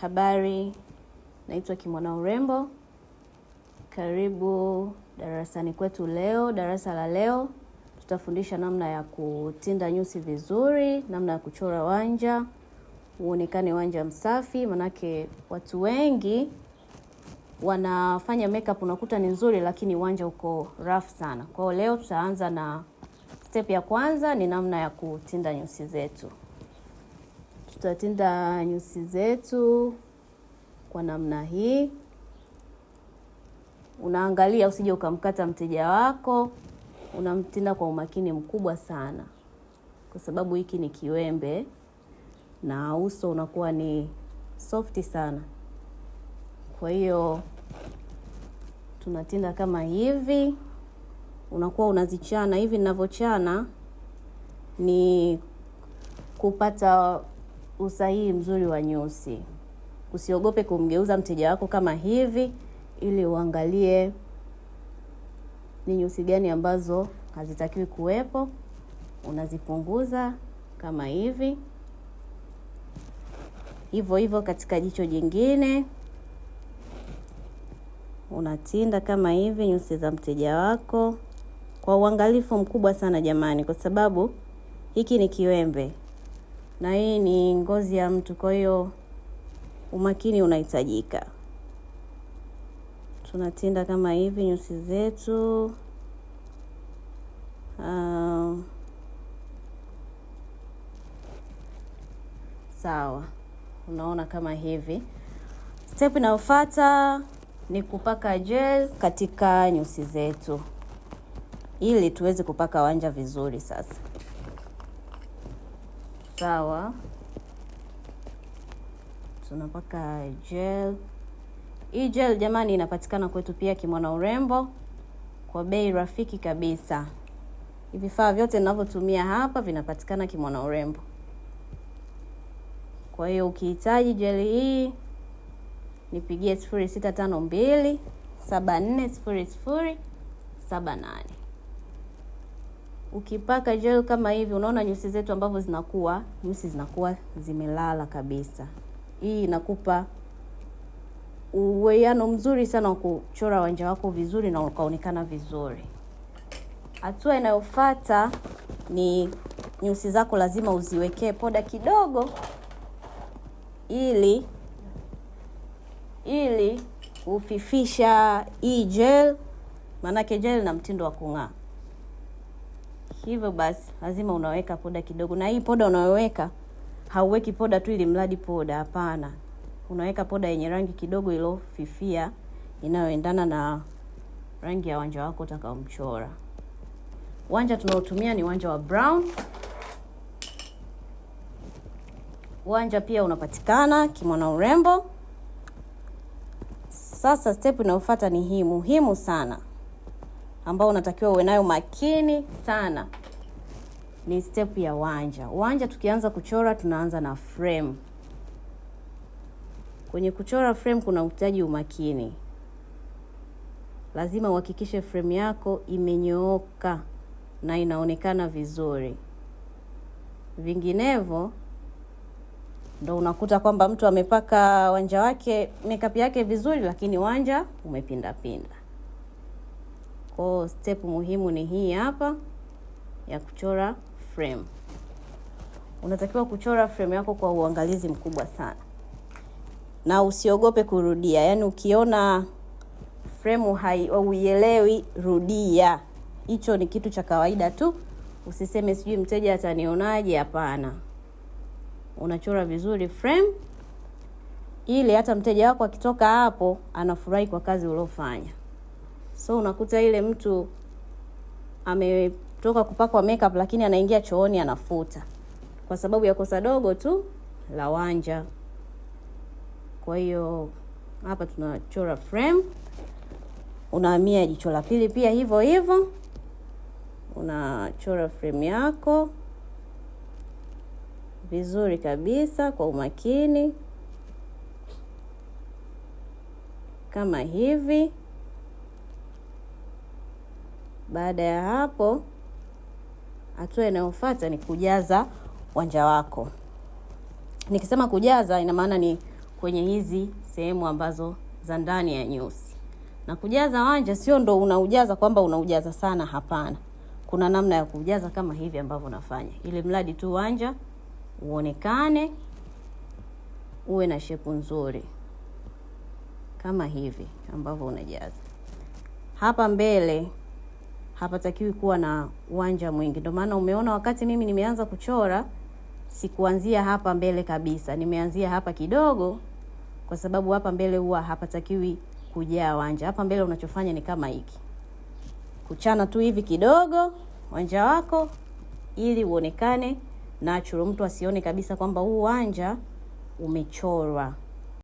Habari, naitwa Kimwana Urembo. Karibu darasani kwetu leo. Darasa la leo tutafundisha namna ya kutinda nyusi vizuri, namna ya kuchora wanja uonekane wanja msafi, manake watu wengi wanafanya makeup unakuta ni nzuri, lakini wanja uko rough sana. Kwa hiyo leo tutaanza na step ya kwanza, ni namna ya kutinda nyusi zetu tutatinda nyusi zetu kwa namna hii. Unaangalia usije ukamkata mteja wako, unamtinda kwa umakini mkubwa sana, kwa sababu hiki ni kiwembe na uso unakuwa ni softi sana. Kwa hiyo tunatinda kama hivi, unakuwa unazichana hivi. Ninavyochana ni kupata usahihi mzuri wa nyusi. Usiogope kumgeuza mteja wako kama hivi, ili uangalie ni nyusi gani ambazo hazitakiwi kuwepo, unazipunguza kama hivi. Hivyo hivyo katika jicho jingine unatinda kama hivi nyusi za mteja wako kwa uangalifu mkubwa sana jamani, kwa sababu hiki ni kiwembe na hii ni ngozi ya mtu, kwa hiyo umakini unahitajika. Tunatinda kama hivi nyusi zetu. Uh, sawa, unaona kama hivi. Step inayofuata ni kupaka gel katika nyusi zetu ili tuweze kupaka wanja vizuri sasa sawa. Tunapaka gel. Hii gel jamani, inapatikana kwetu pia Kimwana Urembo kwa bei rafiki kabisa. Vifaa vyote ninavyotumia hapa vinapatikana Kimwana Urembo. Kwa hiyo ukihitaji gel hii nipigie sifuri sita tano mbili saba nne sifuri sifuri saba nane. Ukipaka gel kama hivi, unaona nyusi zetu ambavyo zinakuwa, nyusi zinakuwa zimelala kabisa. Hii inakupa uwiano mzuri sana wa kuchora wanja wako vizuri na ukaonekana vizuri. Hatua inayofuata ni nyusi zako lazima uziwekee poda kidogo, ili ili kufifisha hii gel, maanake gel na mtindo wa kung'aa. Hivyo basi lazima unaweka poda kidogo, na hii poda unayoweka hauweki poda tu ili mradi poda, hapana. Unaweka poda yenye rangi kidogo iliyofifia inayoendana na rangi ya wanja wako utakaomchora. Wanja tunaotumia ni wanja wa brown. Wanja pia unapatikana Kimwana Urembo. Sasa step inayofuata ni hii muhimu sana ambao unatakiwa uwe nayo makini sana ni step ya wanja. Wanja tukianza kuchora, tunaanza na frame. Kwenye kuchora frame kuna uhitaji umakini, lazima uhakikishe frame yako imenyooka na inaonekana vizuri, vinginevyo ndo unakuta kwamba mtu amepaka wanja wake makeup yake vizuri, lakini wanja umepindapinda. Kwa step muhimu ni hii hapa ya kuchora frame. Unatakiwa kuchora frame yako kwa uangalizi mkubwa sana na usiogope kurudia. Yaani ukiona frame uielewi, rudia. Hicho ni kitu cha kawaida tu, usiseme sijui mteja atanionaje. Hapana, unachora vizuri frame ili hata mteja wako akitoka hapo anafurahi kwa kazi uliofanya. So unakuta ile mtu ametoka kupakwa makeup, lakini anaingia chooni anafuta kwa sababu ya kosa dogo tu la wanja. Kwa hiyo hapa tunachora frame, unahamia jicho la pili pia hivyo hivyo, unachora frame yako vizuri kabisa kwa umakini kama hivi. Baada ya hapo, hatua inayofuata ni kujaza uwanja wako. Nikisema kujaza, ina maana ni kwenye hizi sehemu ambazo za ndani ya nyeusi Na kujaza uwanja sio ndo unaujaza kwamba unaujaza sana, hapana. Kuna namna ya kujaza kama hivi ambavyo unafanya, ili mradi tu uwanja uonekane, uwe na shepu nzuri kama hivi ambavyo unajaza hapa mbele hapatakiwi kuwa na uwanja mwingi. Ndio maana umeona wakati mimi nimeanza kuchora sikuanzia hapa mbele kabisa, nimeanzia hapa kidogo, kwa sababu hapa mbele huwa hapatakiwi kujaa uwanja. Hapa mbele unachofanya ni kama hiki, kuchana tu hivi kidogo uwanja wako, ili uonekane natural, mtu asione kabisa kwamba huu uwanja umechorwa.